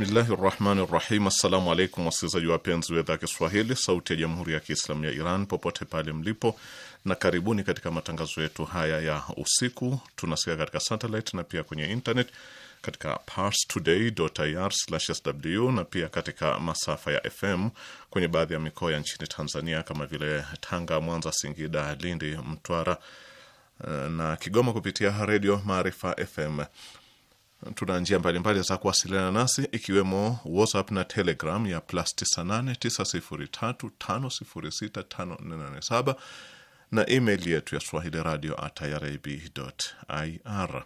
Bismillahi rahmani rahim. Assalamu alaikum wasikilizaji wapenzi wa idhaa ya Kiswahili sauti ya jamhuri ya Kiislamu ya Iran popote pale mlipo, na karibuni katika matangazo yetu haya ya usiku. Tunasikia katika satellite na pia kwenye internet katika parstoday.ir/sw na pia katika masafa ya FM kwenye baadhi ya mikoa ya nchini Tanzania kama vile Tanga, Mwanza, Singida, Lindi, Mtwara eh, na Kigoma kupitia redio Maarifa FM. Tuna njia mbalimbali za kuwasiliana nasi ikiwemo WhatsApp na Telegram ya plus 989035065487 na email yetu ya swahili radio at irib.ir.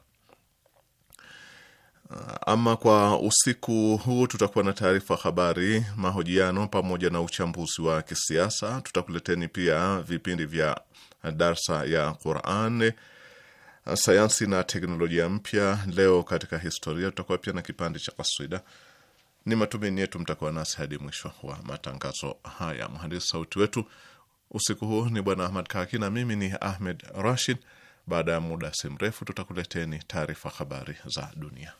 Uh, ama kwa usiku huu tutakuwa na taarifa habari, mahojiano pamoja na uchambuzi wa kisiasa. Tutakuleteni pia vipindi vya darsa ya qurani Uh, sayansi na teknolojia mpya, leo katika historia. Tutakuwa pia na kipande cha kaswida. Ni matumaini yetu mtakuwa nasi hadi mwisho wa matangazo haya. Mhandisi sauti wetu usiku huu ni Bwana Ahmad Kaki na mimi ni Ahmed Rashid. Baada ya muda si mrefu, tutakuleteni taarifa habari za dunia.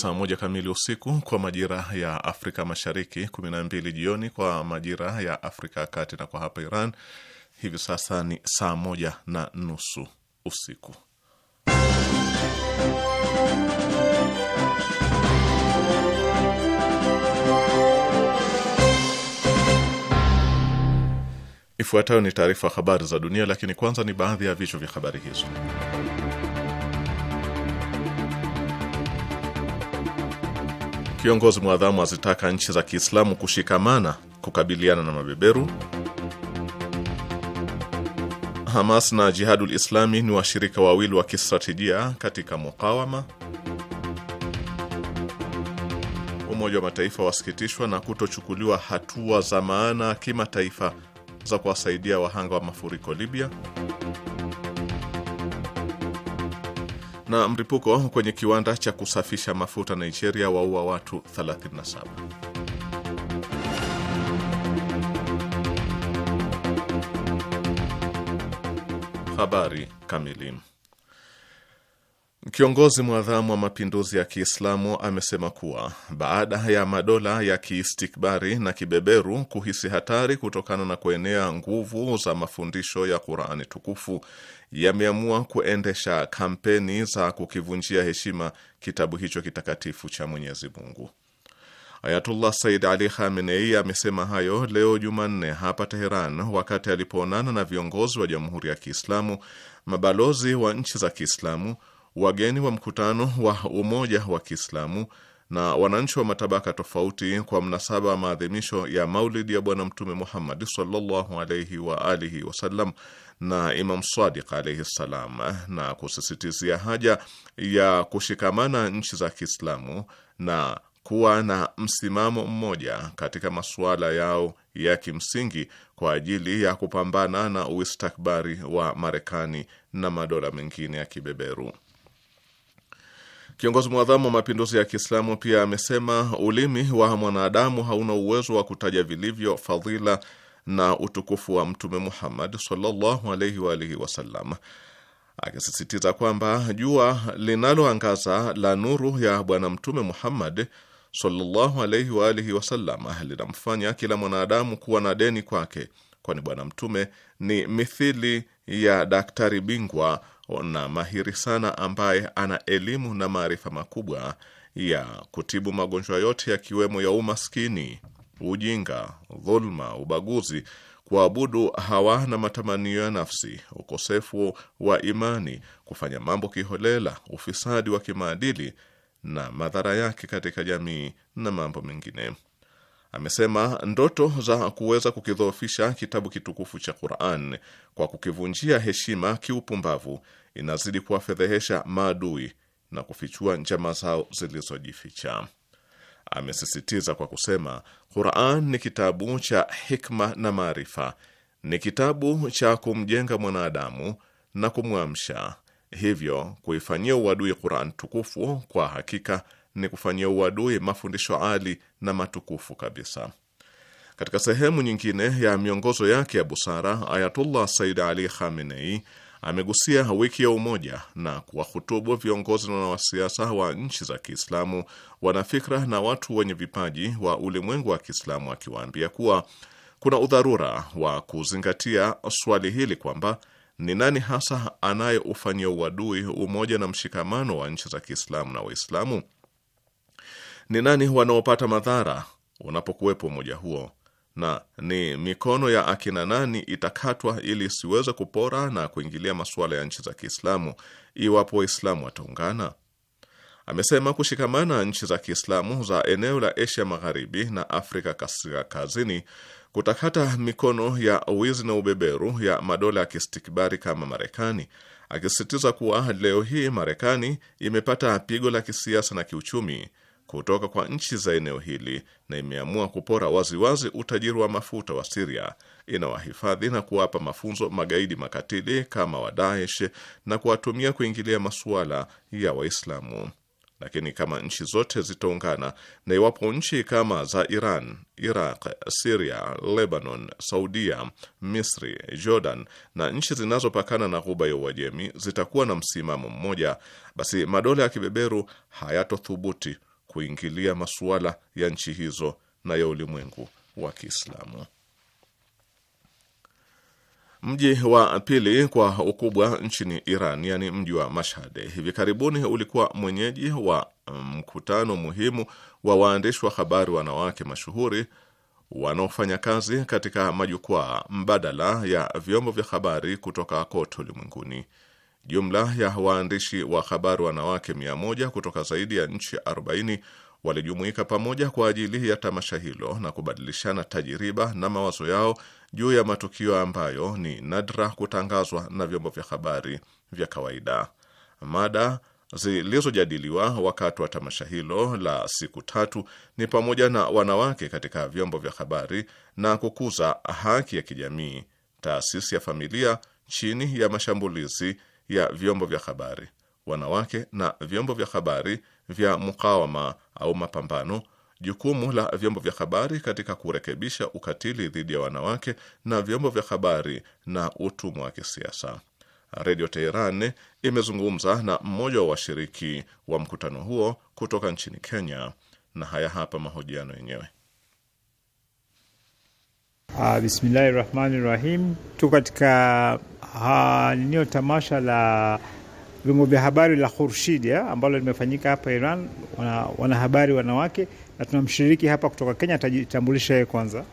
saa moja kamili usiku kwa majira ya Afrika Mashariki, 12 jioni kwa majira ya Afrika ya Kati, na kwa hapa Iran hivi sasa ni saa moja na nusu usiku. Ifuatayo ni taarifa habari za dunia, lakini kwanza ni baadhi ya vichwa vya habari hizo. Kiongozi mwadhamu azitaka nchi za Kiislamu kushikamana kukabiliana na mabeberu. Hamas na Jihadul Islami ni washirika wawili wa kistratejia katika mukawama. Umoja wa Mataifa wasikitishwa na kutochukuliwa hatua za maana kimataifa za kuwasaidia wahanga wa mafuriko Libya. Na mripuko kwenye kiwanda cha kusafisha mafuta Nigeria waua watu 37. Habari kamili. Kiongozi mwadhamu wa mapinduzi ya Kiislamu amesema kuwa baada ya madola ya kiistikbari na kibeberu kuhisi hatari kutokana na kuenea nguvu za mafundisho ya Qurani tukufu yameamua kuendesha kampeni za kukivunjia heshima kitabu hicho kitakatifu cha Mwenyezi Mungu. Ayatullah Said Ali Khamenei amesema hayo leo Jumanne hapa Teheran wakati alipoonana na viongozi wa Jamhuri ya Kiislamu, mabalozi wa nchi za Kiislamu wageni wa mkutano wa umoja wa Kiislamu na wananchi wa matabaka tofauti kwa mnasaba wa maadhimisho ya maulidi ya Bwana Mtume muhammadi sallallahu alaihi wa alihi wasallam na Imam Sadiq alaihi ssalam, na kusisitizia haja ya kushikamana nchi za Kiislamu na kuwa na msimamo mmoja katika masuala yao ya kimsingi kwa ajili ya kupambana na uistakbari wa Marekani na madola mengine ya kibeberu. Kiongozi mwadhamu wa mapinduzi ya Kiislamu pia amesema ulimi wa mwanadamu hauna uwezo wa kutaja vilivyo fadhila na utukufu wa Mtume Muhammad sallallahu alaihi wa alihi wasallam, akisisitiza kwamba jua linaloangaza la nuru ya Bwana Mtume Muhammad sallallahu alaihi wa alihi wasallam linamfanya kila mwanadamu kuwa na deni kwake, kwani Bwana Mtume ni mithili ya daktari bingwa na mahiri sana ambaye ana elimu na maarifa makubwa ya kutibu magonjwa yote yakiwemo ya umaskini, ujinga, dhulma, ubaguzi, kuabudu hawa na matamanio ya nafsi, ukosefu wa imani, kufanya mambo kiholela, ufisadi wa kimaadili na madhara yake katika jamii na mambo mengine. Amesema ndoto za kuweza kukidhoofisha kitabu kitukufu cha Qur'an kwa kukivunjia heshima kiupumbavu inazidi kuwafedhehesha maadui na kufichua njama zao zilizojificha. Amesisitiza kwa kusema, Quran ni kitabu cha hikma na maarifa, ni kitabu cha kumjenga mwanadamu na kumwamsha. Hivyo kuifanyia uadui Quran tukufu kwa hakika ni kufanyia uadui mafundisho ali na matukufu kabisa. Katika sehemu nyingine ya miongozo yake ya busara, Ayatullah Said Ali Khamenei amegusia wiki ya umoja na kuwahutubu viongozi na wanasiasa wa nchi za Kiislamu, wanafikra na watu wenye vipaji wa ulimwengu wa Kiislamu, akiwaambia kuwa kuna udharura wa kuzingatia swali hili kwamba ni nani hasa anayeufanyia uadui umoja na mshikamano wa nchi za Kiislamu na Waislamu? Ni nani wanaopata madhara unapokuwepo umoja huo? na ni mikono ya akina nani itakatwa ili isiweze kupora na kuingilia masuala ya nchi za Kiislamu iwapo Waislamu wataungana. Amesema kushikamana nchi za Kiislamu za eneo la Asia Magharibi na Afrika Kaskazini kutakata mikono ya wizi na ubeberu ya madola ya kistikbari kama Marekani, akisisitiza kuwa leo hii Marekani imepata pigo la kisiasa na kiuchumi kutoka kwa nchi za eneo hili na imeamua kupora waziwazi utajiri wa mafuta wa Siria, inawahifadhi na kuwapa mafunzo magaidi makatili kama wa Daesh na kuwatumia kuingilia masuala ya Waislamu. Lakini kama nchi zote zitaungana na iwapo nchi kama za Iran, Iraq, Siria, Lebanon, Saudia, Misri, Jordan na nchi zinazopakana na Ghuba ya Uajemi zitakuwa na msimamo mmoja, basi madola ya kibeberu hayatothubuti kuingilia masuala ya nchi hizo na ya ulimwengu wa Kiislamu. Mji wa pili kwa ukubwa nchini Iran, yaani mji wa Mashhad, hivi karibuni ulikuwa mwenyeji wa mkutano muhimu wa waandishi wa habari wanawake mashuhuri wanaofanya kazi katika majukwaa mbadala ya vyombo vya habari kutoka kote ulimwenguni. Jumla ya waandishi wa habari wanawake 100 kutoka zaidi ya nchi 40 walijumuika pamoja kwa ajili ya tamasha hilo na kubadilishana tajiriba na mawazo yao juu ya matukio ambayo ni nadra kutangazwa na vyombo vya habari vya kawaida. Mada zilizojadiliwa wakati wa tamasha hilo la siku tatu ni pamoja na wanawake katika vyombo vya habari na kukuza haki ya kijamii, taasisi ya familia chini ya mashambulizi ya vyombo vya habari, wanawake na vyombo vya habari vya mukawama au mapambano, jukumu la vyombo vya habari katika kurekebisha ukatili dhidi ya wanawake na vyombo vya habari na utumwa wa kisiasa. Redio Teheran imezungumza na mmoja wa washiriki wa mkutano huo kutoka nchini Kenya, na haya hapa mahojiano yenyewe. Ah, Bismillahi rahmani rahim. Tuko katika ninio tamasha la vyombo vya habari la Khurshid ambalo limefanyika hapa Iran, wanahabari wana wanawake, na tunamshiriki hapa kutoka Kenya. Atajitambulisha yeye kwanza.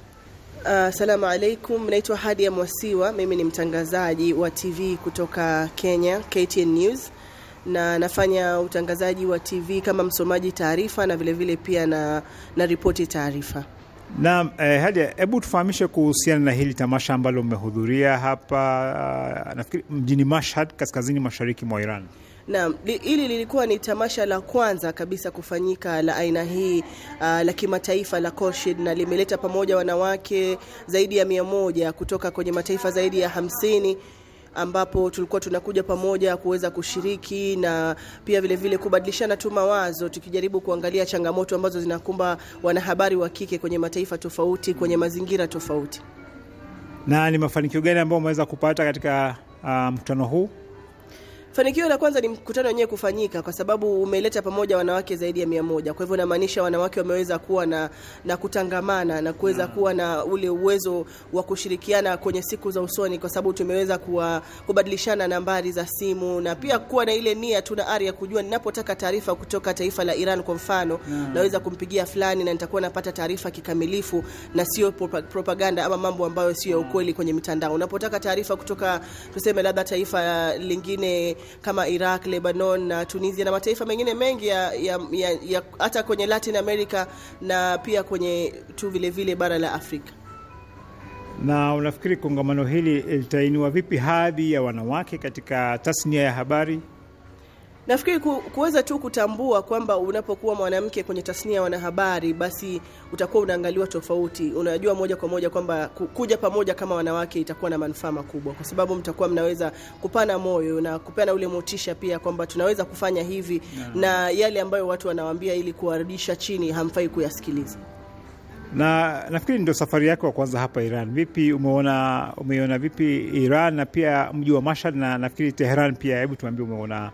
Ah, assalamu uh, alaikum. Naitwa Hadia Mwasiwa, mimi ni mtangazaji wa TV kutoka Kenya, KTN News, na nafanya utangazaji wa TV kama msomaji taarifa na vilevile vile pia na, na ripoti taarifa na eh, Hadia, hebu tufahamishe kuhusiana na hili tamasha ambalo mmehudhuria hapa, eh, nafikiri mjini Mashhad, kaskazini mashariki mwa Iran. Naam, hili lilikuwa ni tamasha la kwanza kabisa kufanyika la aina hii uh, la kimataifa la Khurshid na limeleta pamoja wanawake zaidi ya mia moja kutoka kwenye mataifa zaidi ya hamsini ambapo tulikuwa tunakuja pamoja kuweza kushiriki na pia vile vile kubadilishana tu mawazo tukijaribu kuangalia changamoto ambazo zinakumba wanahabari wa kike kwenye mataifa tofauti, kwenye mazingira tofauti. Na ni mafanikio gani ambayo umeweza kupata katika ah, mkutano um, huu? Fanikio la kwanza ni mkutano wenyewe kufanyika kwa sababu umeleta pamoja wanawake zaidi ya mia moja. Kwa hivyo namaanisha wanawake wameweza kuwa na, na kutangamana na kuweza mm. kuwa na ule uwezo wa kushirikiana kwenye siku za usoni, kwa sababu tumeweza kuwa, kubadilishana nambari za simu na pia kuwa na ile nia, tuna ari ya kujua ninapotaka taarifa kutoka taifa la Iran kwa mfano mm, naweza kumpigia fulani na nitakuwa napata taarifa kikamilifu na sio propaganda ama mambo ambayo sio ya mm. ukweli kwenye mitandao. Unapotaka taarifa kutoka tuseme labda taifa lingine kama Iraq, Lebanon na Tunisia na mataifa mengine mengi ya, ya, ya, ya hata kwenye Latin America na pia kwenye tu vile vile bara la Afrika. Na unafikiri kongamano hili litainua vipi hadhi ya wanawake katika tasnia ya habari? Nafikiri ku, kuweza tu kutambua kwamba unapokuwa mwanamke kwenye tasnia ya wanahabari, basi utakuwa unaangaliwa tofauti. Unajua moja kwa moja kwamba kuja pamoja kama wanawake itakuwa na manufaa makubwa, kwa sababu mtakuwa mnaweza kupana moyo na kupeana ule motisha pia kwamba tunaweza kufanya hivi na, na yale ambayo watu wanawaambia ili kuwarudisha chini hamfai kuyasikiliza na nafikiri ndio safari yako ya kwanza hapa Iran. Vipi umeona, umeona vipi Iran na pia mji wa Mashhad na nafikiri Teheran pia? Hebu tuambie umeona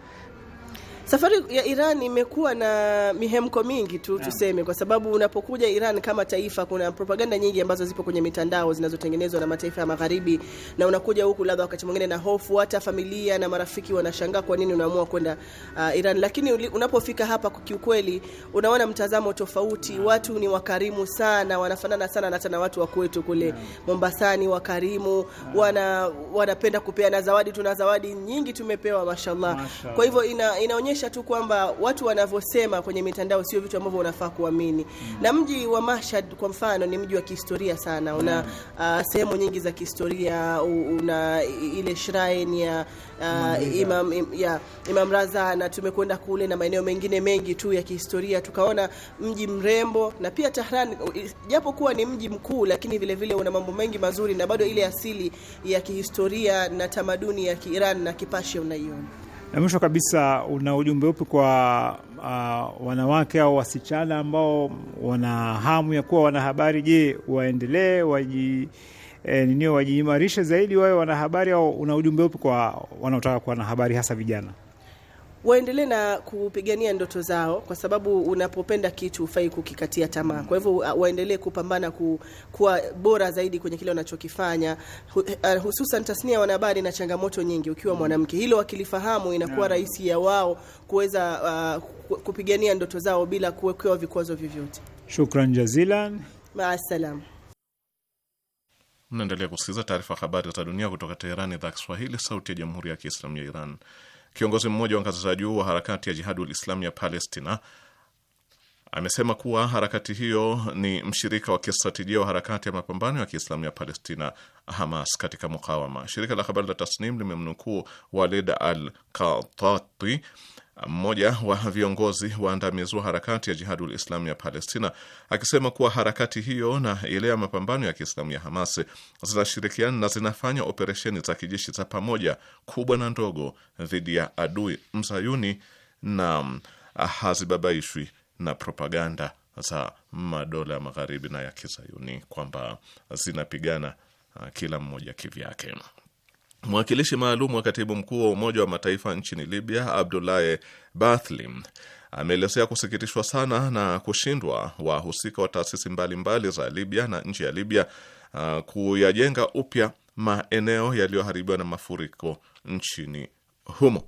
Safari ya Iran imekuwa na mihemko mingi tu tuseme yeah, kwa sababu unapokuja Iran kama taifa, kuna propaganda nyingi ambazo zipo kwenye mitandao zinazotengenezwa na mataifa ya magharibi, na unakuja huku labda wakati mwingine na hofu, hata familia na marafiki wanashangaa kwa nini unaamua kwenda uh, Iran. Lakini unapofika hapa, kiukweli unaona mtazamo tofauti yeah. Watu ni wakarimu sana, wanafanana sana hata na watu wa kwetu kule yeah, Mombasani, wakarimu yeah, wana wanapenda kupeana zawadi. Tuna zawadi nyingi tumepewa, mashallah, mashallah. Kwa hivyo ina, inaonyesha kuonyesha tu kwamba watu wanavyosema kwenye mitandao sio vitu ambavyo unafaa kuamini. mm. na mji wa Mashhad kwa mfano ni mji wa kihistoria sana, una mm. uh, sehemu nyingi za kihistoria, una ile shrine ya uh, Imam im, ya Imam Raza, na tumekwenda kule na maeneo mengine mengi tu ya kihistoria, tukaona mji mrembo, na pia Tehran japo kuwa ni mji mkuu, lakini vile vile una mambo mengi mazuri, na bado ile asili ya kihistoria na tamaduni ya Kiiran na Kipashia unaiona. Na mwisho kabisa, una ujumbe upi kwa uh, wanawake au wasichana ambao wana hamu ya kuwa wanahabari? Je, waendelee waji E, eh, ninio wajiimarishe zaidi wawe wanahabari, au una ujumbe upi kwa wanaotaka kuwa na habari hasa vijana? waendelee na kupigania ndoto zao, kwa sababu unapopenda kitu hufai kukikatia tamaa. Kwa hivyo uh, waendelee kupambana ku, kuwa bora zaidi kwenye kile wanachokifanya. Uh, hususan tasnia ya wanahabari na changamoto nyingi ukiwa mwanamke, hilo wakilifahamu inakuwa rahisi ya wao kuweza uh, kupigania ndoto zao bila kuwekewa vikwazo vyovyote. Shukran jazilan, maasalam. Mnaendelea kusikiliza taarifa habari za dunia kutoka Teherani, idhaa Kiswahili, sauti ya jamhuri ya kiislamu ya Iran. Kiongozi mmoja wa ngazi za juu wa harakati ya Jihadul Islam ya Palestina amesema kuwa harakati hiyo ni mshirika wa kistratejia wa harakati ya mapambano ya Kiislamu ya Palestina, Hamas, katika mukawama. Shirika la habari la Tasnim limemnukuu Walid Al Katati mmoja wa viongozi waandamizi wa harakati ya Jihadul Islamu ya Palestina akisema kuwa harakati hiyo na ile ya mapambano ya Kiislamu ya Hamas zinashirikiana na zinafanya operesheni za kijeshi za pamoja kubwa na ndogo dhidi ya adui mzayuni na hazibabaishwi na propaganda za madola ya magharibi na ya kizayuni kwamba zinapigana ah, kila mmoja kivyake. Mwakilishi maalum wa katibu mkuu wa Umoja wa Mataifa nchini Libya, Abdulaye Bathli, ameelezea kusikitishwa sana na kushindwa wahusika wa taasisi mbalimbali za Libya na nchi ya Libya uh, kuyajenga upya maeneo yaliyoharibiwa na mafuriko nchini humo.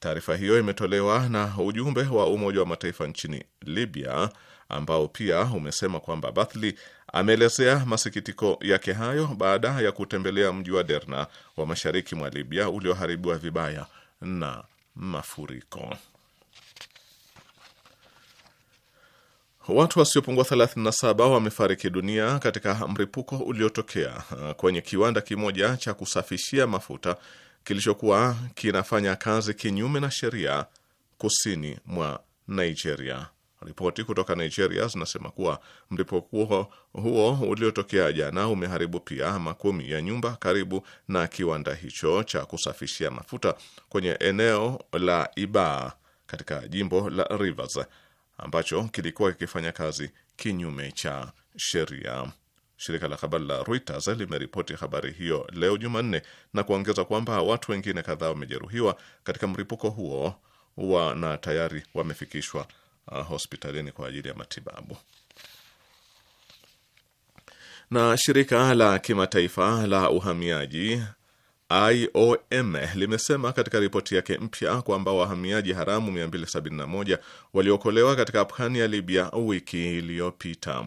Taarifa hiyo imetolewa na ujumbe wa Umoja wa Mataifa nchini Libya ambao pia umesema kwamba Bathli Ameelezea masikitiko yake hayo baada ya kutembelea mji wa Derna wa mashariki mwa Libya ulioharibiwa vibaya na mafuriko. Watu wasiopungua 37 wamefariki dunia katika mripuko uliotokea uh, kwenye kiwanda kimoja cha kusafishia mafuta kilichokuwa kinafanya kazi kinyume na sheria kusini mwa Nigeria. Ripoti kutoka Nigeria zinasema kuwa mlipuko huo uliotokea jana umeharibu pia makumi ya nyumba karibu na kiwanda hicho cha kusafishia mafuta kwenye eneo la Ibaa katika jimbo la Rivers ambacho kilikuwa kikifanya kazi kinyume cha sheria. Shirika la habari la Reuters limeripoti habari hiyo leo Jumanne na kuongeza kwamba watu wengine kadhaa wamejeruhiwa katika mlipuko huo wa na tayari wamefikishwa uh, hospitalini kwa ajili ya matibabu. Na shirika la kimataifa la uhamiaji IOM limesema katika ripoti yake mpya kwamba wahamiaji haramu 271 waliokolewa katika pwani ya Libya wiki iliyopita.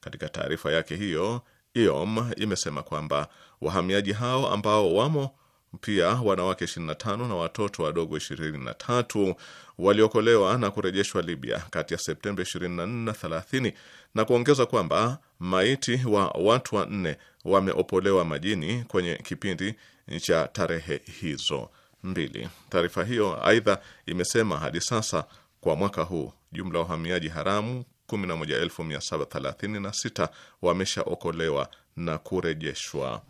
Katika taarifa yake hiyo, IOM imesema kwamba wahamiaji hao ambao wamo pia wanawake 25 na watoto wadogo 23 waliokolewa na kurejeshwa Libya kati ya Septemba 24 na 30 na kuongeza kwamba maiti wa watu wanne wameopolewa majini kwenye kipindi cha tarehe hizo mbili. Taarifa hiyo aidha imesema hadi sasa kwa mwaka huu jumla wahamiaji haramu 11736 wameshaokolewa na kurejeshwa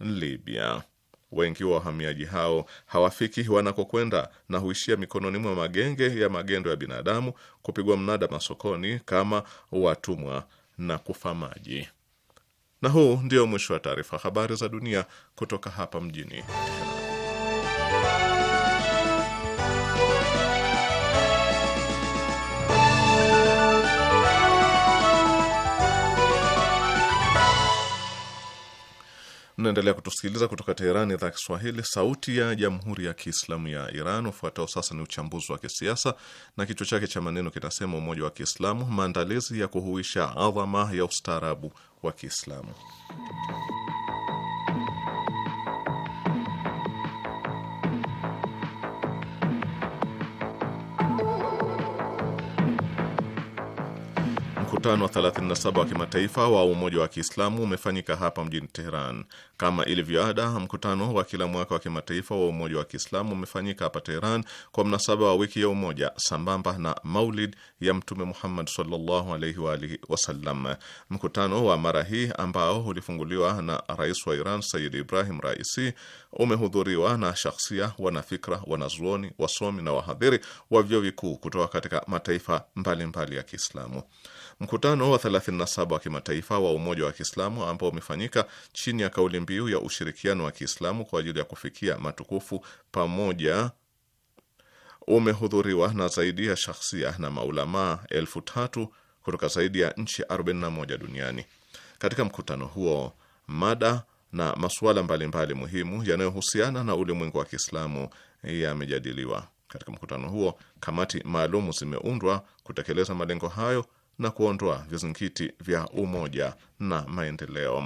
Libya. Wengi wa wahamiaji hao hawafiki wanakokwenda na huishia mikononi mwa magenge ya magendo ya binadamu, kupigwa mnada masokoni kama watumwa na kufa maji. Na huu ndio mwisho wa taarifa habari za dunia kutoka hapa mjini Teheran. Mnaendelea kutusikiliza kutoka Teherani, idhaa Kiswahili, sauti ya jamhuri ya kiislamu ya Iran. Ufuatao sasa ni uchambuzi wa kisiasa na kichwa chake cha maneno kinasema: Umoja wa Kiislamu, maandalizi ya kuhuisha adhama ya ustaarabu wa Kiislamu. Mkutano wa 37 wa kimataifa wa Umoja wa Kiislamu umefanyika hapa mjini Teheran. Kama ilivyo ada, mkutano wa kila mwaka wa kimataifa wa Umoja wa Kiislamu umefanyika hapa Teheran kwa mnasaba wa wiki ya umoja sambamba na Maulid ya Mtume Muhammad sallallahu alaihi wa alihi wasallam. Mkutano wa mara hii ambao ulifunguliwa na Rais wa Iran Sayyid Ibrahim Raisi umehudhuriwa na shakhsia, wanafikra, wanazuoni, wasomi na wahadhiri wa vyuo vikuu kutoka katika mataifa mbalimbali mbali ya Kiislamu. Mkutano wa 37 wa kimataifa wa Umoja wa Kiislamu ambao umefanyika chini ya kauli mbiu ya ushirikiano wa Kiislamu kwa ajili ya kufikia matukufu pamoja umehudhuriwa na zaidi ya shahsia na maulamaa elfu tatu kutoka zaidi ya nchi 41 duniani. Katika mkutano huo mada na masuala mbalimbali muhimu yanayohusiana na ulimwengu wa Kiislamu yamejadiliwa. Katika mkutano huo kamati maalumu zimeundwa kutekeleza malengo hayo na kuondoa vizingiti vya umoja na maendeleo.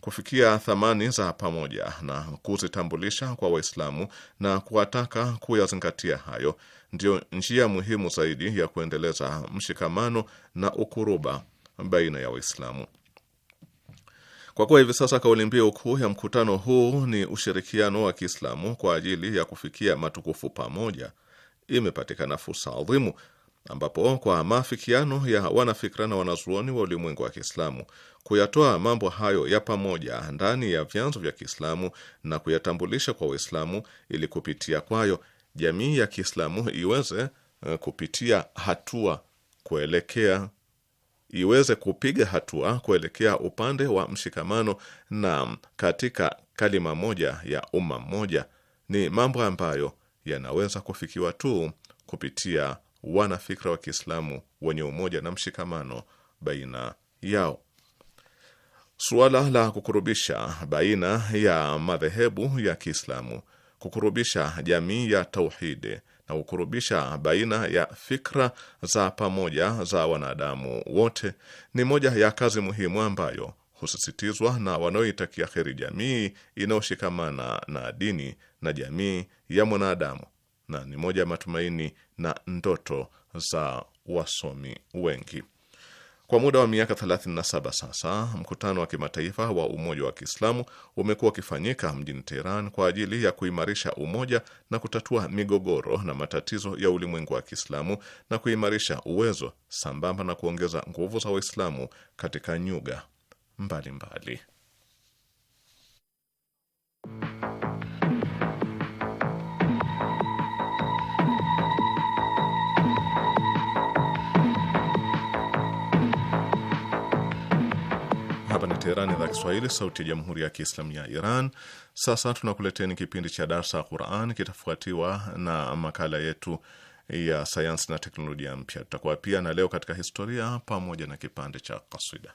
Kufikia thamani za pamoja na kuzitambulisha kwa Waislamu na kuwataka kuyazingatia hayo ndiyo njia muhimu zaidi ya kuendeleza mshikamano na ukuruba baina ya Waislamu. Kwa kuwa hivi sasa kauli mbiu kuu ya mkutano huu ni ushirikiano wa Kiislamu kwa ajili ya kufikia matukufu pamoja, imepatikana fursa adhimu ambapo kwa maafikiano ya wanafikra na wanazuoni wa ulimwengu wa Kiislamu kuyatoa mambo hayo ya pamoja ndani ya vyanzo vya Kiislamu na kuyatambulisha kwa Waislamu ili kupitia kwayo jamii ya Kiislamu iweze eh, kupitia hatua kuelekea iweze kupiga hatua kuelekea upande wa mshikamano na katika kalima moja ya umma mmoja, ni mambo ambayo yanaweza kufikiwa tu kupitia wanafikra wa Kiislamu wenye umoja na mshikamano baina yao. Suala la kukurubisha baina ya madhehebu ya Kiislamu, kukurubisha jamii ya tauhidi na kukurubisha baina ya fikra za pamoja za wanadamu wote ni moja ya kazi muhimu ambayo husisitizwa na wanaoitakia heri jamii inayoshikamana na dini na jamii ya mwanadamu, na ni moja ya matumaini na ndoto za wasomi wengi. Kwa muda wa miaka 37 sasa, mkutano wa kimataifa wa umoja wa Kiislamu umekuwa ukifanyika mjini Teheran kwa ajili ya kuimarisha umoja na kutatua migogoro na matatizo ya ulimwengu wa Kiislamu na kuimarisha uwezo sambamba na kuongeza nguvu za Waislamu katika nyuga mbalimbali mbali. Teherani, idhaa Kiswahili, sauti ya jamhuri ya kiislamu ya Iran. Sasa tunakuleteni kipindi cha darsa ya Quran, kitafuatiwa na makala yetu ya sayansi na teknolojia mpya. Tutakuwa pia na leo katika historia pamoja na kipande cha kaswida.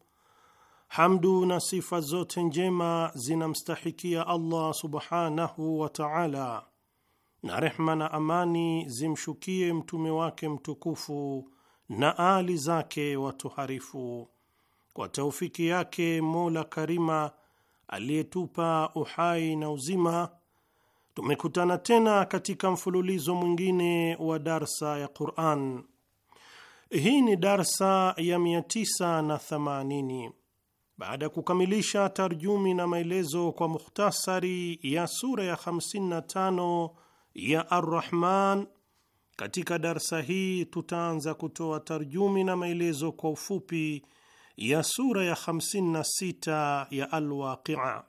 Hamdu na sifa zote njema zinamstahikia Allah subhanahu wa ta'ala, na rehma na amani zimshukie mtume wake mtukufu na ali zake watuharifu Kwa taufiki yake Mola Karima aliyetupa uhai na uzima, tumekutana tena katika mfululizo mwingine wa darsa ya Qur'an. Hii ni darsa ya 980 baada ya kukamilisha tarjumi na maelezo kwa mukhtasari ya sura ya 55 ya Ar-Rahman, katika darsa hii tutaanza kutoa tarjumi na maelezo kwa ufupi ya sura ya 56 ya Al-Waqi'a.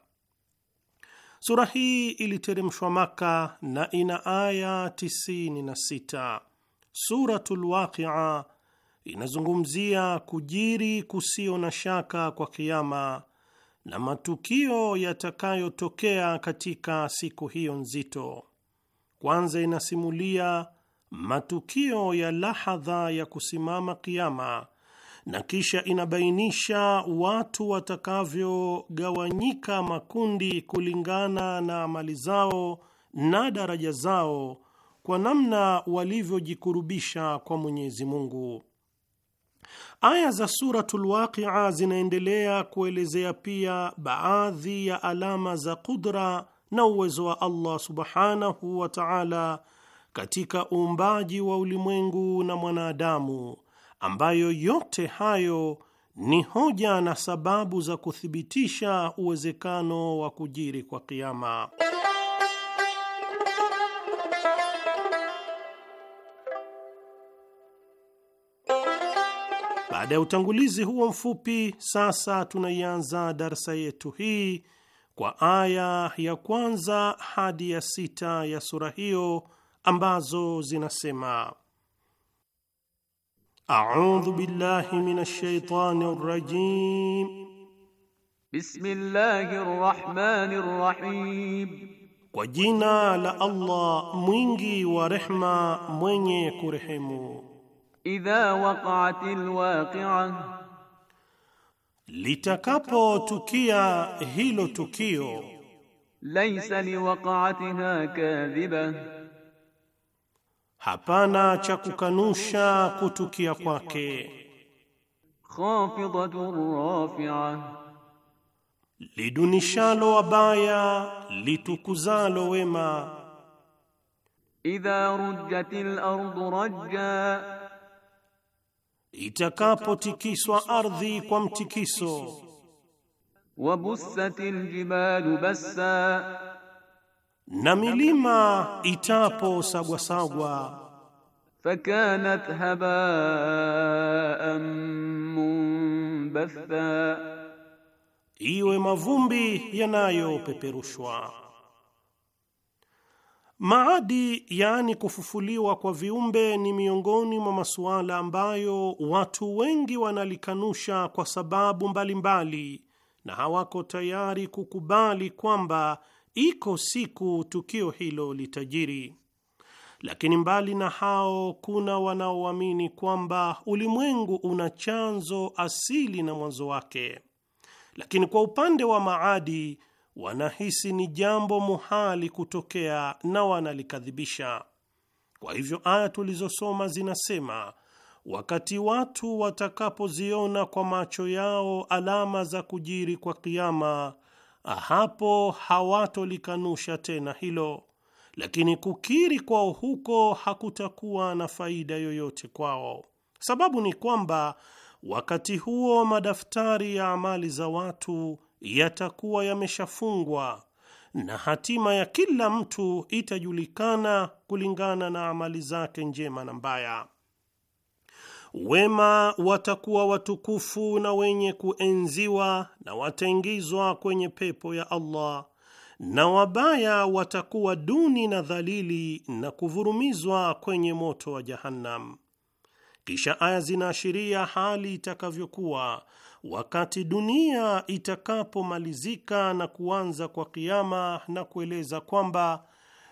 Sura hii iliteremshwa Maka na ina aya 96. Suratul Waqi'a inazungumzia kujiri kusio na shaka kwa kiama na matukio yatakayotokea katika siku hiyo nzito. Kwanza inasimulia matukio ya lahadha ya kusimama kiama na kisha inabainisha watu watakavyogawanyika makundi kulingana na amali zao na daraja zao kwa namna walivyojikurubisha kwa Mwenyezi Mungu. Aya za Suratul Waqia zinaendelea kuelezea pia baadhi ya alama za qudra na uwezo wa Allah subhanahu wa taala katika uumbaji wa ulimwengu na mwanadamu, ambayo yote hayo ni hoja na sababu za kuthibitisha uwezekano wa kujiri kwa kiama. Baada ya utangulizi huo mfupi, sasa tunaianza darsa yetu hii kwa aya ya kwanza hadi ya sita ya sura hiyo ambazo zinasema: audhu billahi minash shaitani rajim, bismillahir rahmanir rahim, kwa jina la Allah mwingi wa rehma mwenye kurehemu idha waqa'atil waqi'a, litakapotukia hilo tukio. Laisa liwaqa'atiha kadhiba, hapana cha kukanusha kutukia kwake. Khafidatur rafi'a, lidunishalo wabaya litukuzalo wema. Idha rujjatil ardu rajja itakapotikiswa ardhi kwa mtikiso. Wabussatil jibalu bassa, na milima itaposagwasagwa. Fakanat habaan munbatha, iwe mavumbi yanayopeperushwa. Maadi, yaani kufufuliwa kwa viumbe, ni miongoni mwa masuala ambayo watu wengi wanalikanusha kwa sababu mbalimbali mbali, na hawako tayari kukubali kwamba iko siku tukio hilo litajiri. Lakini mbali na hao, kuna wanaoamini kwamba ulimwengu una chanzo asili na mwanzo wake, lakini kwa upande wa maadi wanahisi ni jambo muhali kutokea na wanalikadhibisha. Kwa hivyo aya tulizosoma zinasema wakati watu watakapoziona kwa macho yao alama za kujiri kwa kiama, hapo hawatolikanusha tena hilo, lakini kukiri kwao huko hakutakuwa na faida yoyote kwao. Sababu ni kwamba wakati huo madaftari ya amali za watu yatakuwa yameshafungwa na hatima ya kila mtu itajulikana kulingana na amali zake njema na mbaya. Wema watakuwa watukufu na wenye kuenziwa na wataingizwa kwenye pepo ya Allah, na wabaya watakuwa duni na dhalili na kuvurumizwa kwenye moto wa Jahannam. Kisha aya zinaashiria hali itakavyokuwa wakati dunia itakapomalizika na kuanza kwa kiama, na kueleza kwamba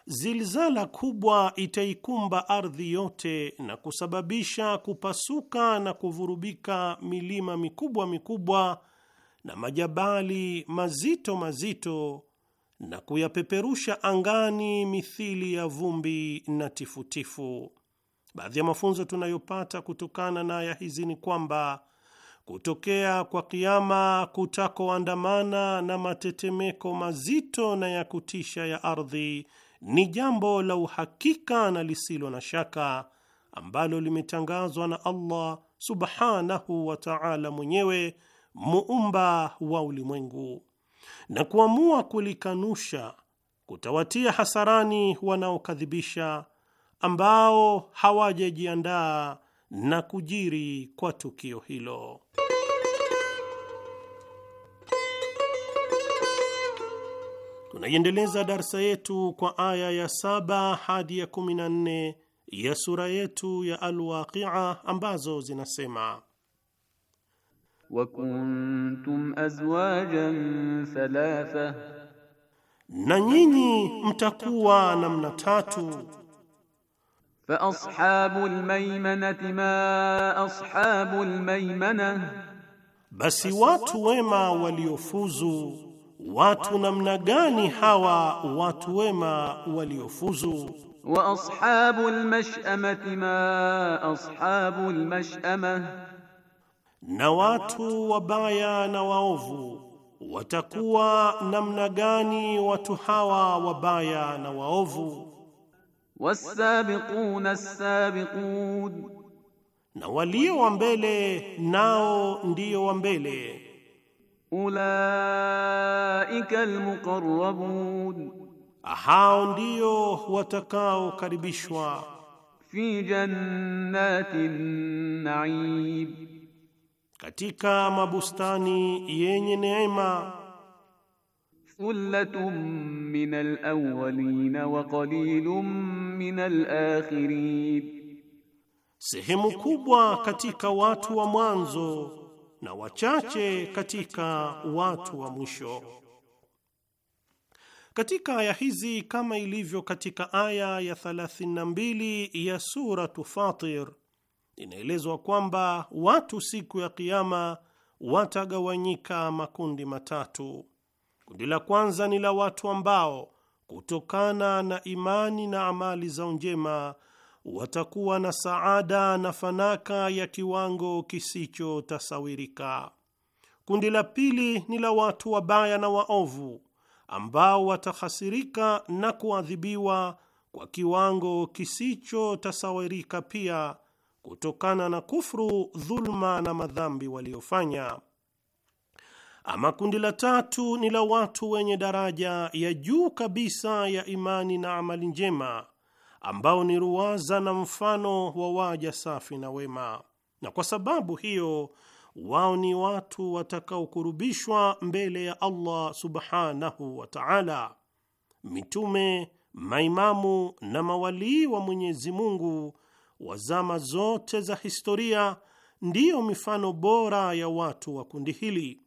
zilzala kubwa itaikumba ardhi yote na kusababisha kupasuka na kuvurubika milima mikubwa mikubwa na majabali mazito mazito na kuyapeperusha angani mithili ya vumbi na tifutifu. Baadhi ya mafunzo tunayopata kutokana na aya hizi ni kwamba kutokea kwa kiama kutakoandamana na matetemeko mazito na ya kutisha ya ardhi ni jambo la uhakika na lisilo na shaka ambalo limetangazwa na Allah subhanahu wa ta'ala mwenyewe muumba wa ulimwengu, na kuamua kulikanusha kutawatia hasarani wanaokadhibisha ambao hawajajiandaa na kujiri kwa tukio hilo. Tunaiendeleza darsa yetu kwa aya ya saba hadi ya kumi na nne ya sura yetu ya Alwaqia ambazo zinasema: wa azwajan thalatha, na nyinyi mtakuwa namna tatu basi watu wema waliofuzu watu namna gani hawa watu wema waliofuzu. Wa ashabul mash'amati ma ashabul mash'ama, na watu wabaya na waovu watakuwa namna gani watu hawa wabaya na waovu wasabiquna sabiqun, na walio wa mbele nao ndio wa mbele. Ulaika almuqarrabun, ah, hao ndio watakaokaribishwa. Fi jannatin naim, katika mabustani yenye neema. Thullatun min alawwalin wa qalilun min alakhirin, sehemu kubwa katika watu wa mwanzo na wachache katika watu wa mwisho. Katika aya hizi kama ilivyo katika aya ya 32 ya suratu Fatir inaelezwa kwamba watu siku ya Kiyama watagawanyika makundi matatu. Kundi la kwanza ni la watu ambao kutokana na imani na amali zao njema watakuwa na saada na fanaka ya kiwango kisichotasawirika. Kundi la pili ni la watu wabaya na waovu ambao watahasirika na kuadhibiwa kwa kiwango kisichotasawirika pia kutokana na kufru, dhuluma na madhambi waliofanya. Ama kundi la tatu ni la watu wenye daraja ya juu kabisa ya imani na amali njema, ambao ni ruwaza na mfano wa waja safi na wema, na kwa sababu hiyo wao ni watu watakaokurubishwa mbele ya Allah subhanahu wa ta'ala. Mitume, maimamu na mawalii wa Mwenyezi Mungu wa zama zote za historia ndiyo mifano bora ya watu wa kundi hili.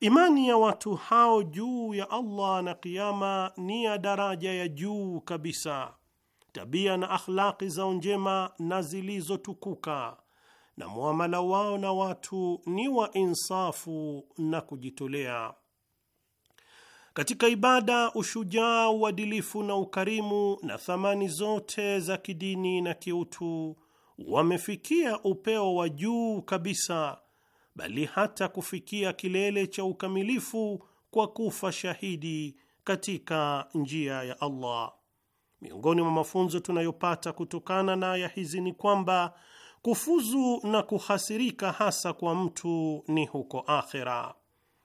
Imani ya watu hao juu ya Allah na Kiama ni ya daraja ya juu kabisa. Tabia na akhlaqi zao njema na zilizotukuka na muamala wao na watu ni wa insafu na kujitolea katika ibada, ushujaa, uadilifu na ukarimu, na thamani zote za kidini na kiutu, wamefikia upeo wa juu kabisa bali hata kufikia kilele cha ukamilifu kwa kufa shahidi katika njia ya Allah. Miongoni mwa mafunzo tunayopata kutokana na aya hizi ni kwamba kufuzu na kuhasirika hasa kwa mtu ni huko akhera.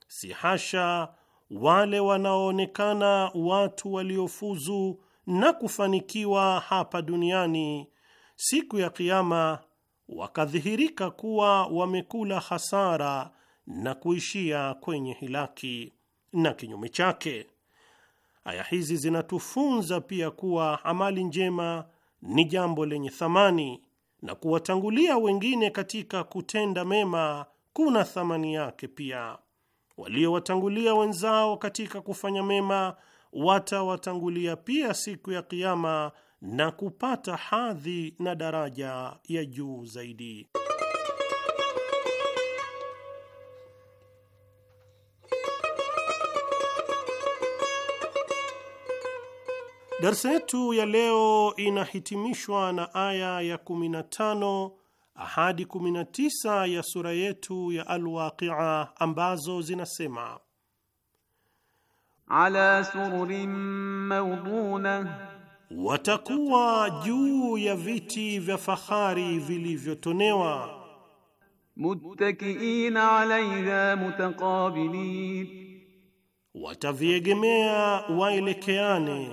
Si hasha wale wanaoonekana watu waliofuzu na kufanikiwa hapa duniani, siku ya Kiama wakadhihirika kuwa wamekula hasara na kuishia kwenye hilaki na kinyume chake. Aya hizi zinatufunza pia kuwa amali njema ni jambo lenye thamani na kuwatangulia wengine katika kutenda mema kuna thamani yake pia. Waliowatangulia wenzao katika kufanya mema watawatangulia pia siku ya Kiama na kupata hadhi na daraja ya juu zaidi. Darsa yetu ya leo inahitimishwa na aya ya 15 hadi 19 ya sura yetu ya Alwaqia ambazo zinasema: ala sururin mawduna watakuwa juu ya viti vya fahari vilivyotonewa. Muttakiina alayha mutaqabilin, wataviegemea waelekeane.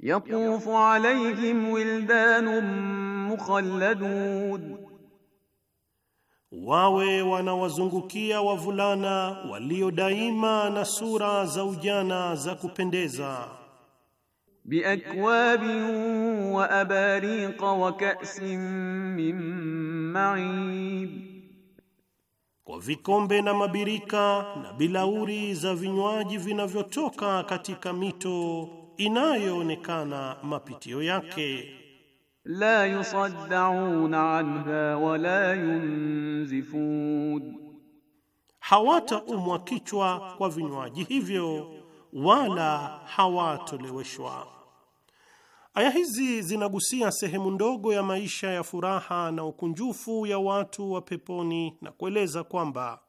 Yatufu alayhim wildanun mukhalladun, wawe wanawazungukia wavulana walio daima na sura za ujana za kupendeza biakwabin wa abariqa wa ka'sin min ma'in, kwa vikombe na mabirika na bilauri za vinywaji vinavyotoka katika mito inayoonekana mapitio yake. La yusaddauna anha wala yunzifun, hawataumwa kichwa kwa vinywaji hivyo wala hawatoleweshwa. Aya hizi zinagusia sehemu ndogo ya maisha ya furaha na ukunjufu ya watu wa peponi na kueleza kwamba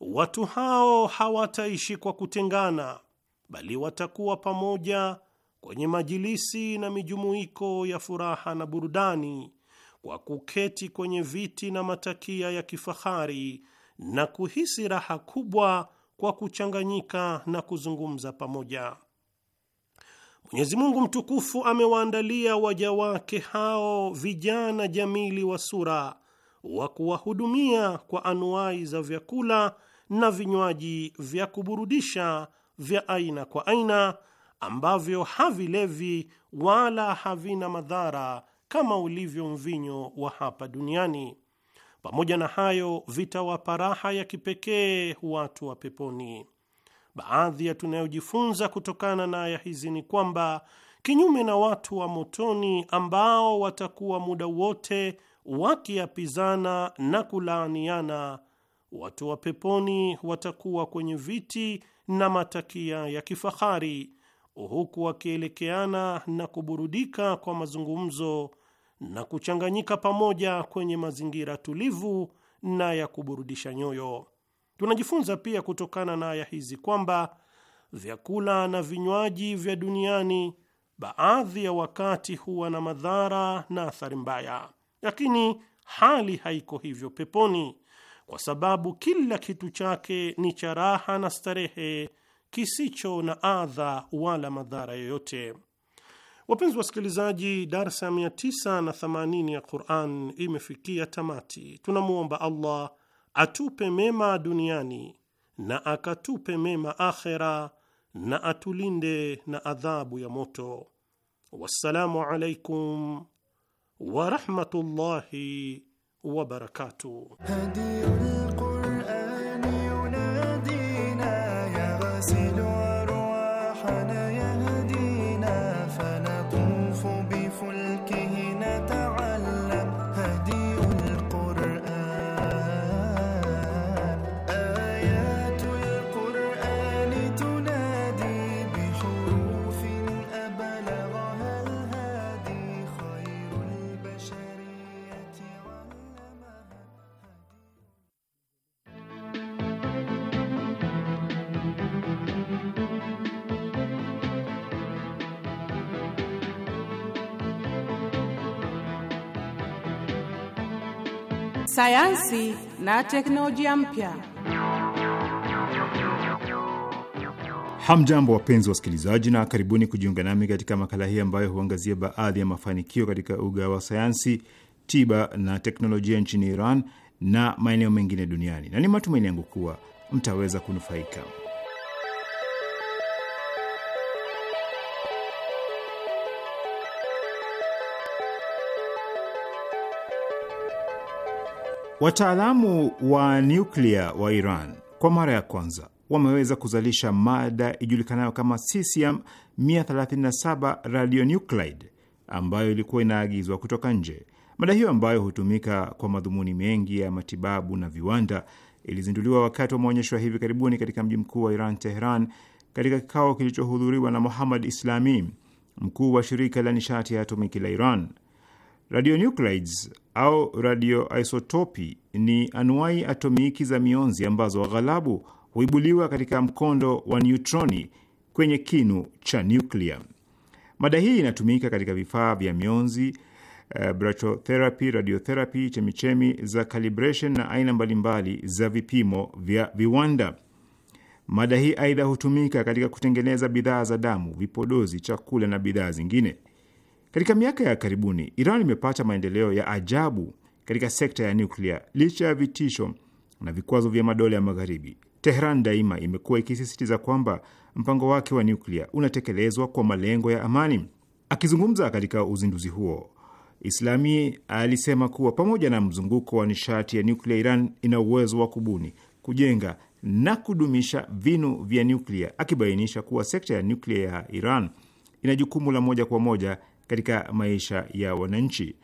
watu hao hawataishi kwa kutengana, bali watakuwa pamoja kwenye majilisi na mijumuiko ya furaha na burudani, kwa kuketi kwenye viti na matakia ya kifahari na kuhisi raha kubwa kwa kuchanganyika na kuzungumza pamoja. Mwenyezi Mungu mtukufu amewaandalia waja wake hao vijana jamili wa sura wa kuwahudumia kwa anuai za vyakula na vinywaji vya kuburudisha vya aina kwa aina ambavyo havilevi wala havina madhara kama ulivyo mvinyo wa hapa duniani. Pamoja na hayo, vitawapa raha ya kipekee watu wa peponi. Baadhi ya tunayojifunza kutokana na aya hizi ni kwamba kinyume na watu wa motoni ambao watakuwa muda wote wakiapizana na kulaaniana, watu wa peponi watakuwa kwenye viti na matakia ya kifahari, huku wakielekeana na kuburudika kwa mazungumzo na kuchanganyika pamoja kwenye mazingira tulivu na ya kuburudisha nyoyo. Tunajifunza pia kutokana na aya hizi kwamba vyakula na vinywaji vya duniani baadhi ya wakati huwa na madhara na athari mbaya, lakini hali haiko hivyo peponi, kwa sababu kila kitu chake ni cha raha na starehe kisicho na adha wala madhara yoyote. Wapenzi wasikilizaji, darsa 980 ya Quran imefikia tamati. Tunamwomba Allah atupe mema duniani na akatupe mema akhera na atulinde na adhabu ya moto. Wassalamu alaikum warahmatullahi wabarakatuh. sayansi na teknolojia mpya. Hamjambo, wapenzi wasikilizaji, na karibuni kujiunga nami katika makala hii ambayo huangazia baadhi ya mafanikio katika uga wa sayansi, tiba na teknolojia nchini Iran na maeneo mengine duniani, na ni matumaini yangu kuwa mtaweza kunufaika. Wataalamu wa nyuklia wa Iran kwa mara ya kwanza wameweza kuzalisha mada ijulikanayo kama cesium 137 radionuclide ambayo ilikuwa inaagizwa kutoka nje. Mada hiyo ambayo hutumika kwa madhumuni mengi ya matibabu na viwanda ilizinduliwa wakati wa maonyesho ya hivi karibuni katika mji mkuu wa Iran, Teheran, katika kikao kilichohudhuriwa na Muhammad Islami, mkuu wa shirika la nishati ya atomiki la Iran. Radionuclides au radioisotopi ni anuai atomiki za mionzi ambazo aghalabu huibuliwa katika mkondo wa neutroni kwenye kinu cha nyuklia. Mada hii inatumika katika vifaa vya mionzi, uh, radiotherapy, chemichemi za calibration na aina mbalimbali za vipimo vya viwanda. Mada hii aidha hutumika katika kutengeneza bidhaa za damu, vipodozi, chakula na bidhaa zingine. Katika miaka ya karibuni, Iran imepata maendeleo ya ajabu katika sekta ya nuklia licha ya vitisho na vikwazo vya madola ya Magharibi. Tehran daima imekuwa ikisisitiza kwamba mpango wake wa nuklia unatekelezwa kwa malengo ya amani. Akizungumza katika uzinduzi huo, Islami alisema kuwa pamoja na mzunguko wa nishati ya nuklia, Iran ina uwezo wa kubuni, kujenga na kudumisha vinu vya nuklia, akibainisha kuwa sekta ya nuklia ya Iran ina jukumu la moja kwa moja katika maisha ya wananchi.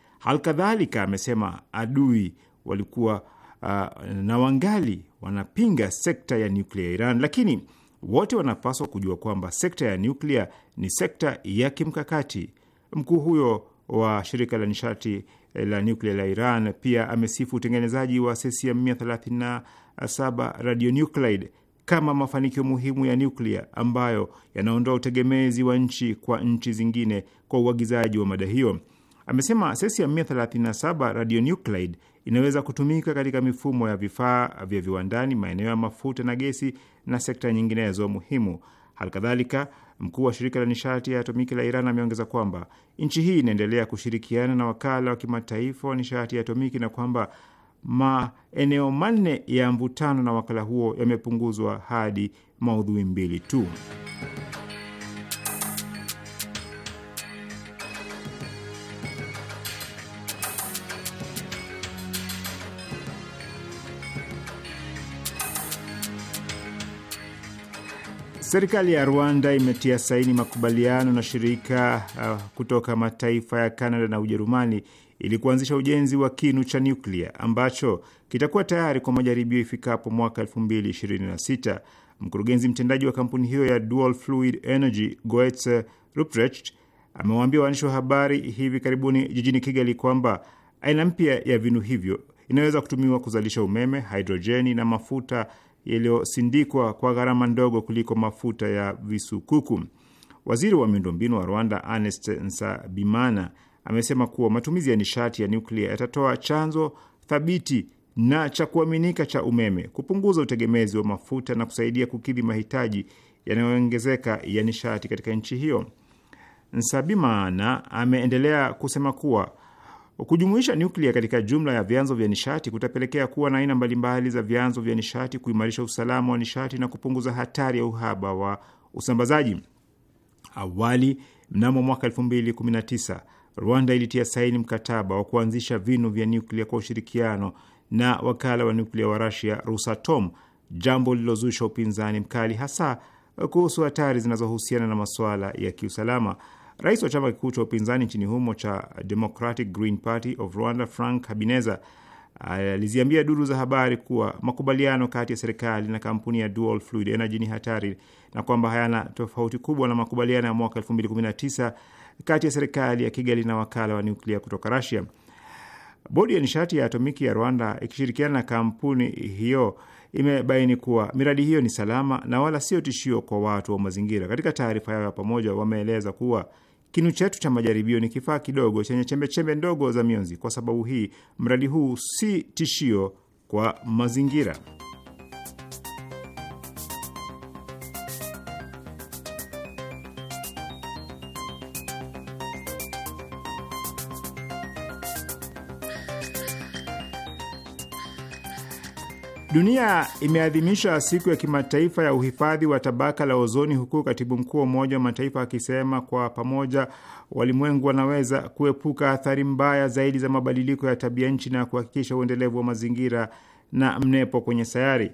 kadhalika amesema adui walikuwa uh, na wangali wanapinga sekta ya nyuklia ya Iran, lakini wote wanapaswa kujua kwamba sekta ya nyuklia ni sekta ya kimkakati. Mkuu huyo wa shirika la nishati eh, la nyuklia la Iran pia amesifu utengenezaji wa sesium 137 radionuclide kama mafanikio muhimu ya nyuklia ambayo yanaondoa utegemezi wa nchi kwa nchi zingine kwa uagizaji wa mada hiyo. Amesema sesium 137 radionuclide inaweza kutumika katika mifumo ya vifaa vya viwandani, maeneo ya mafuta na gesi na sekta nyinginezo muhimu. Halikadhalika, mkuu wa shirika la nishati ya atomiki la Iran ameongeza kwamba nchi hii inaendelea kushirikiana na wakala wa kimataifa wa nishati ya atomiki na kwamba maeneo manne ya mvutano na wakala huo yamepunguzwa hadi maudhui mbili tu. Serikali ya Rwanda imetia saini makubaliano na shirika uh, kutoka mataifa ya Kanada na Ujerumani ili kuanzisha ujenzi wa kinu cha nyuklia ambacho kitakuwa tayari kwa majaribio ifikapo mwaka 2026. Mkurugenzi mtendaji wa kampuni hiyo ya Dual Fluid Energy Goetz Ruprecht amewaambia waandishi wa habari hivi karibuni jijini Kigali kwamba aina mpya ya vinu hivyo inaweza kutumiwa kuzalisha umeme, hidrojeni na mafuta yaliyosindikwa kwa gharama ndogo kuliko mafuta ya visukuku. Waziri wa miundombinu wa Rwanda Ernest Nsabimana amesema kuwa matumizi ya nishati ya nyuklia yatatoa chanzo thabiti na cha kuaminika cha umeme, kupunguza utegemezi wa mafuta na kusaidia kukidhi mahitaji yanayoongezeka ya nishati katika nchi hiyo. Nsabimana ameendelea kusema kuwa kujumuisha nyuklia katika jumla ya vyanzo vya nishati kutapelekea kuwa na aina mbalimbali za vyanzo vya nishati, kuimarisha usalama wa nishati na kupunguza hatari ya uhaba wa usambazaji. Awali, mnamo mwaka Rwanda ilitia saini mkataba wa kuanzisha vinu vya nyuklia kwa ushirikiano na wakala wa nyuklia wa Rasia Rusatom, jambo lililozusha upinzani mkali hasa kuhusu hatari zinazohusiana na masuala ya kiusalama. Rais wa chama kikuu cha upinzani nchini humo cha Democratic Green Party of Rwanda, Frank Habineza, aliziambia duru za habari kuwa makubaliano kati ya serikali na kampuni ya Dual Fluid Energy ni hatari na kwamba hayana tofauti kubwa na makubaliano ya mwaka 2019 kati ya serikali ya Kigali na wakala wa nyuklia kutoka Rasia. Bodi ya nishati ya atomiki ya Rwanda ikishirikiana na kampuni hiyo imebaini kuwa miradi hiyo ni salama na wala sio tishio kwa watu wa mazingira. Katika taarifa yao ya pamoja, wameeleza kuwa kinu chetu cha majaribio ni kifaa kidogo chenye chembechembe ndogo za mionzi. Kwa sababu hii, mradi huu si tishio kwa mazingira. Dunia imeadhimisha siku ya kimataifa ya uhifadhi wa tabaka la ozoni, huku katibu mkuu wa Umoja wa Mataifa akisema kwa pamoja walimwengu wanaweza kuepuka athari mbaya zaidi za mabadiliko ya tabia nchi na kuhakikisha uendelevu wa mazingira na mnepo kwenye sayari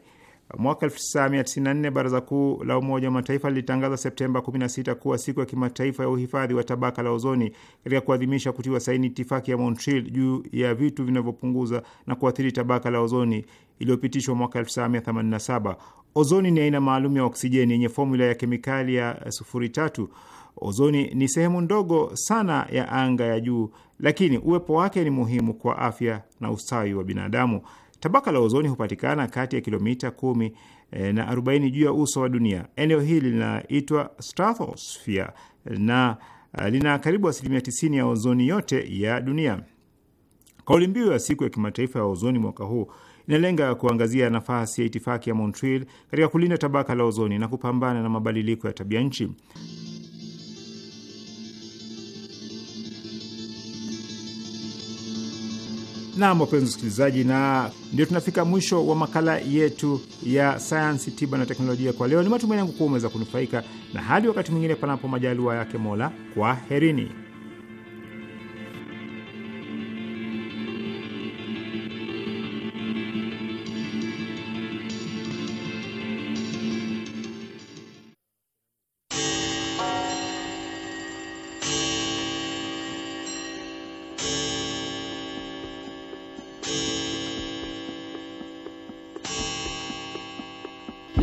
mwaka 1994 Baraza Kuu la Umoja wa Mataifa lilitangaza Septemba 16 kuwa siku ya kimataifa ya uhifadhi wa tabaka la ozoni katika kuadhimisha kutiwa saini itifaki ya Montreal juu ya vitu vinavyopunguza na kuathiri tabaka la ozoni iliyopitishwa mwaka 1987. Ozoni ni aina maalum ya oksijeni yenye fomula ya kemikali ya sufuri tatu. Ozoni ni sehemu ndogo sana ya anga ya juu, lakini uwepo wake ni muhimu kwa afya na ustawi wa binadamu. Tabaka la ozoni hupatikana kati ya kilomita kumi eh, na arobaini juu ya uso wa dunia. Eneo hili linaitwa stratosphere na eh, lina karibu asilimia tisini ya ozoni yote ya dunia. Kauli mbiu ya siku ya kimataifa ya ozoni mwaka huu inalenga kuangazia nafasi ya itifaki ya Montreal katika kulinda tabaka la ozoni na kupambana na mabadiliko ya tabia nchi. na wapenzi wasikilizaji, na ndio tunafika mwisho wa makala yetu ya sayansi, tiba na teknolojia kwa leo. Ni matumaini yangu kuwa umeweza kunufaika, na hadi wakati mwingine, panapo majaliwa yake Mola, kwa herini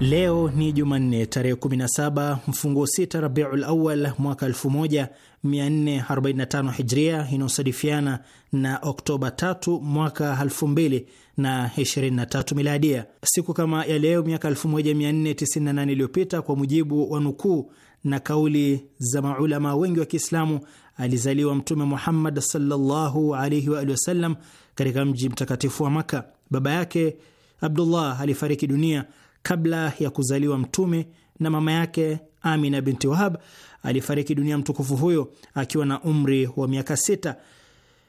Leo ni Jumanne tarehe 17 mfunguo 6 Rabiul Awal mwaka 1445 Hijria, inayosadifiana na Oktoba 3 mwaka 2023 Miladia. Siku kama ya leo miaka 1498 iliyopita, kwa mujibu wa nukuu na kauli za maulama wengi wa Kiislamu, alizaliwa Mtume Muhammad sallallahu alaihi wa alihi wasallam katika mji mtakatifu wa makka Baba yake Abdullah alifariki dunia kabla ya kuzaliwa Mtume, na mama yake Amina binti Wahab alifariki dunia mtukufu huyo akiwa na umri wa miaka sita.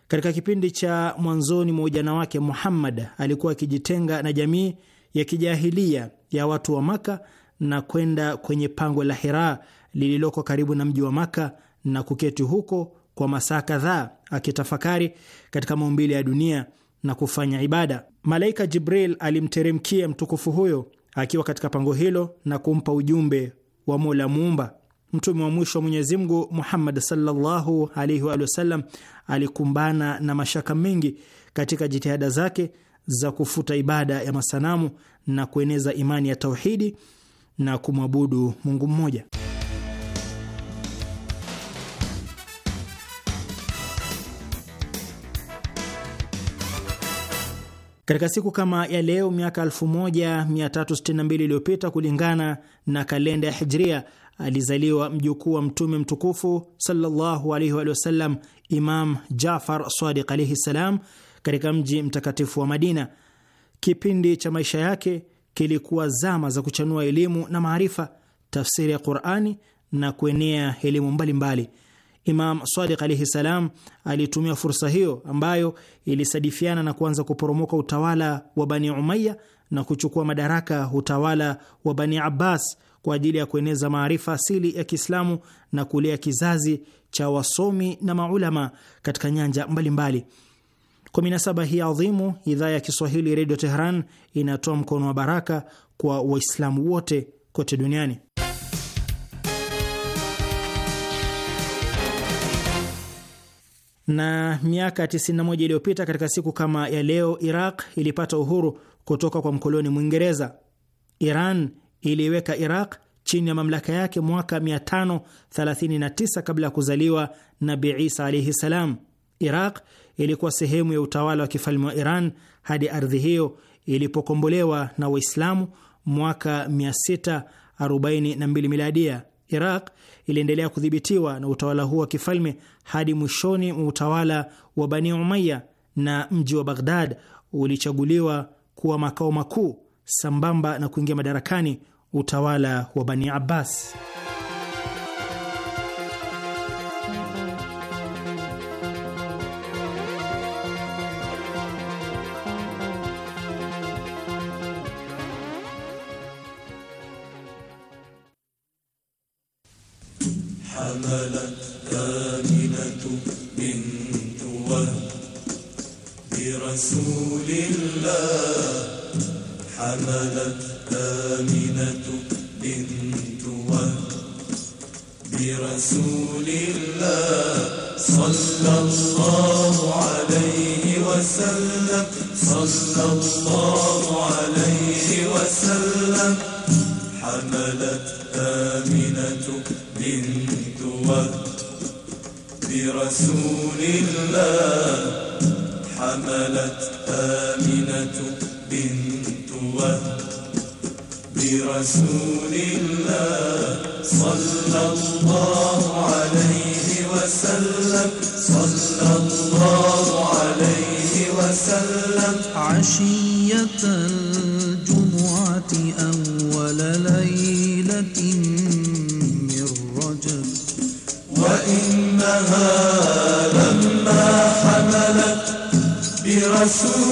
Katika kipindi cha mwanzoni mwa ujana wake, Muhammad alikuwa akijitenga na jamii ya kijahilia ya watu wa Maka na kwenda kwenye pango la Hira lililoko karibu na mji wa Maka na kuketi huko kwa masaa kadhaa akitafakari katika maumbile ya dunia na kufanya ibada. Malaika Jibril alimteremkia mtukufu huyo akiwa katika pango hilo na kumpa ujumbe wa Mola Muumba. Mtume wa mwisho wa Mwenyezi Mungu Muhammad sallallahu alaihi wa sallam alikumbana na mashaka mengi katika jitihada zake za kufuta ibada ya masanamu na kueneza imani ya tauhidi na kumwabudu Mungu mmoja. Katika siku kama ya leo miaka 1362 iliyopita kulingana na kalenda ya Hijria, alizaliwa mjukuu wa Mtume mtukufu sallallahu alaihi wa sallam, Imam Jafar Sadiq alaihi ssalam, katika mji mtakatifu wa Madina. Kipindi cha maisha yake kilikuwa zama za kuchanua elimu na maarifa, tafsiri ya Qurani na kuenea elimu mbalimbali mbali. Imam Sadiq alaihi salam alitumia fursa hiyo ambayo ilisadifiana na kuanza kuporomoka utawala wa Bani umaya na kuchukua madaraka utawala wa Bani Abbas kwa ajili ya kueneza maarifa asili ya Kiislamu na kulea kizazi cha wasomi na maulama katika nyanja mbalimbali. Kwa minasaba hii adhimu, idhaa ya Kiswahili Redio Tehran inatoa mkono wa baraka kwa Waislamu wote kote duniani. Na miaka 91 iliyopita katika siku kama ya leo, Iraq ilipata uhuru kutoka kwa mkoloni Mwingereza. Iran iliiweka Iraq chini ya mamlaka yake mwaka 539 kabla ya kuzaliwa Nabi Isa alaihi salam. Iraq ilikuwa sehemu ya utawala wa kifalme wa Iran hadi ardhi hiyo ilipokombolewa na Waislamu mwaka 642 miladia. Iraq iliendelea kudhibitiwa na utawala huo wa kifalme hadi mwishoni mwa utawala wa Bani umaya na mji wa Baghdad ulichaguliwa kuwa makao makuu sambamba na kuingia madarakani utawala wa Bani Abbas. صلى الله عليه وسلم حملت آمنة بنت وهب برسول الله حملت آمنة بنت وهب برسول الله صلى الله عليه وسلم صلى الله عليه وسلم عشية الجمعة أول ليلة من رجب وإنها لما حملت برسول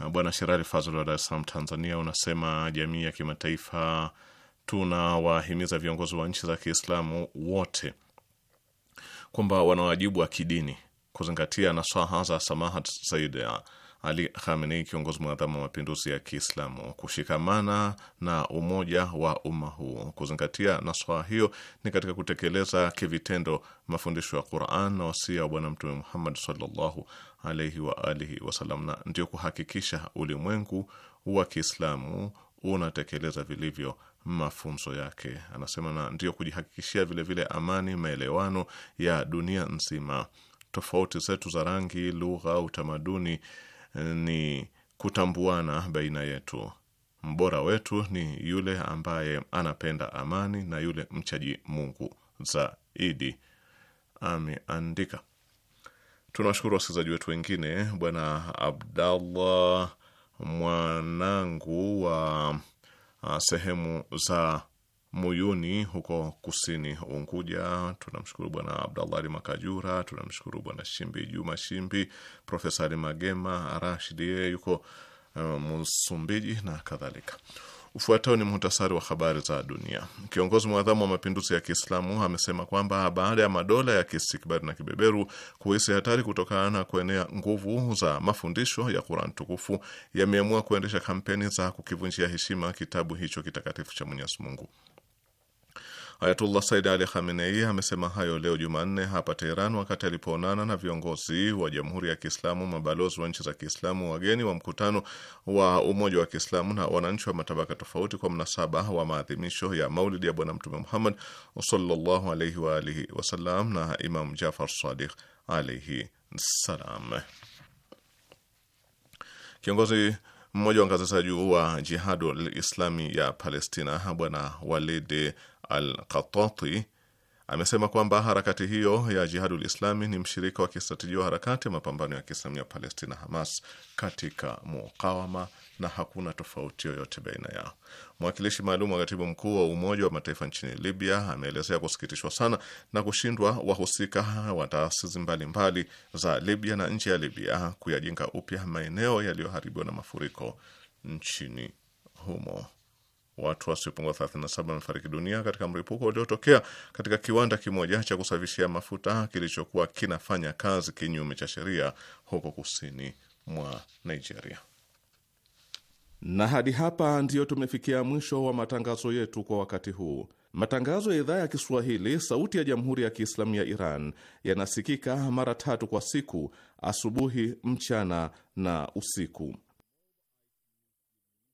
Eh, Bwana Sherali Fazl wa Dar es Salaam, Tanzania, unasema jamii ya kimataifa, tunawahimiza viongozi wa nchi za Kiislamu wote kwamba wana wajibu wa kidini kuzingatia nasaha za Samahat Said Ali Khamenei, kiongozi mwadhamu wa mapinduzi ya Kiislamu, kushikamana na umoja wa umma huu. Kuzingatia nasaha hiyo ni katika kutekeleza kivitendo mafundisho ya Quran na wasia wa Bwana Mtume Muhammad sallallahu alaihi wa alihi wasallam, na ndio kuhakikisha ulimwengu wa Kiislamu unatekeleza vilivyo mafunzo yake. Anasema na ndio kujihakikishia vilevile amani, maelewano ya dunia nzima. Tofauti zetu za rangi, lugha, utamaduni eh, ni kutambuana baina yetu. Mbora wetu ni yule ambaye anapenda amani na yule mchaji Mungu zaidi, ameandika. Tunawashukuru wasikilizaji wetu wengine, Bwana Abdallah Mwanangu wa uh, sehemu za Muyuni huko kusini Unguja. Tunamshukuru Bwana Abdallah Ali Makajura, tunamshukuru Bwana Shimbi Juma Shimbi, Profesa Ali Magema Rashidi yuko uh, Msumbiji na kadhalika. Ufuatao ni muhtasari wa habari za dunia. Kiongozi mwadhamu wa mapinduzi ya Kiislamu amesema kwamba baada ya madola ya kiistikbari na kibeberu kuhisi hatari kutokana na kuenea nguvu za mafundisho ya Quran tukufu, yameamua kuendesha kampeni za kukivunjia heshima kitabu hicho kitakatifu cha Mwenyezi Mungu. Ayatullah Said Ali Khamenei amesema hayo leo Jumanne hapa Teheran wakati alipoonana na viongozi wa Jamhuri ya Kiislamu, mabalozi wa nchi za Kiislamu, wageni wa mkutano wa Umoja wa Kiislamu na wananchi wa matabaka tofauti kwa mnasaba wa maadhimisho ya maulidi ya Bwana Mtume Muhammad sallallahu alaihi wa alihi wasallam na Imam Jafar Sadiq alaihi salam. Kiongozi mmoja wa ngazi za juu wa Jihadul Islami ya Palestina Bwana Walidi Al-Qattati amesema kwamba harakati hiyo ya Jihadul Islami ni mshirika wa kistratejia wa harakati ya mapambano ya Kiislamu ya Palestina, Hamas, katika mukawama na hakuna tofauti yoyote baina yao. Mwakilishi maalum wa katibu mkuu wa Umoja wa Mataifa nchini Libya ameelezea kusikitishwa sana na kushindwa wahusika wa taasisi mbalimbali za Libya na nje ya Libya kuyajenga upya maeneo yaliyoharibiwa na mafuriko nchini humo. Watu wasiopungua 37 wamefariki dunia katika mlipuko uliotokea katika kiwanda kimoja cha kusafishia mafuta kilichokuwa kinafanya kazi kinyume cha sheria huko kusini mwa Nigeria. Na hadi hapa ndiyo tumefikia mwisho wa matangazo yetu kwa wakati huu. Matangazo ya idhaa ya Kiswahili sauti ya Jamhuri ya Kiislamu ya Iran yanasikika mara tatu kwa siku: asubuhi, mchana na usiku.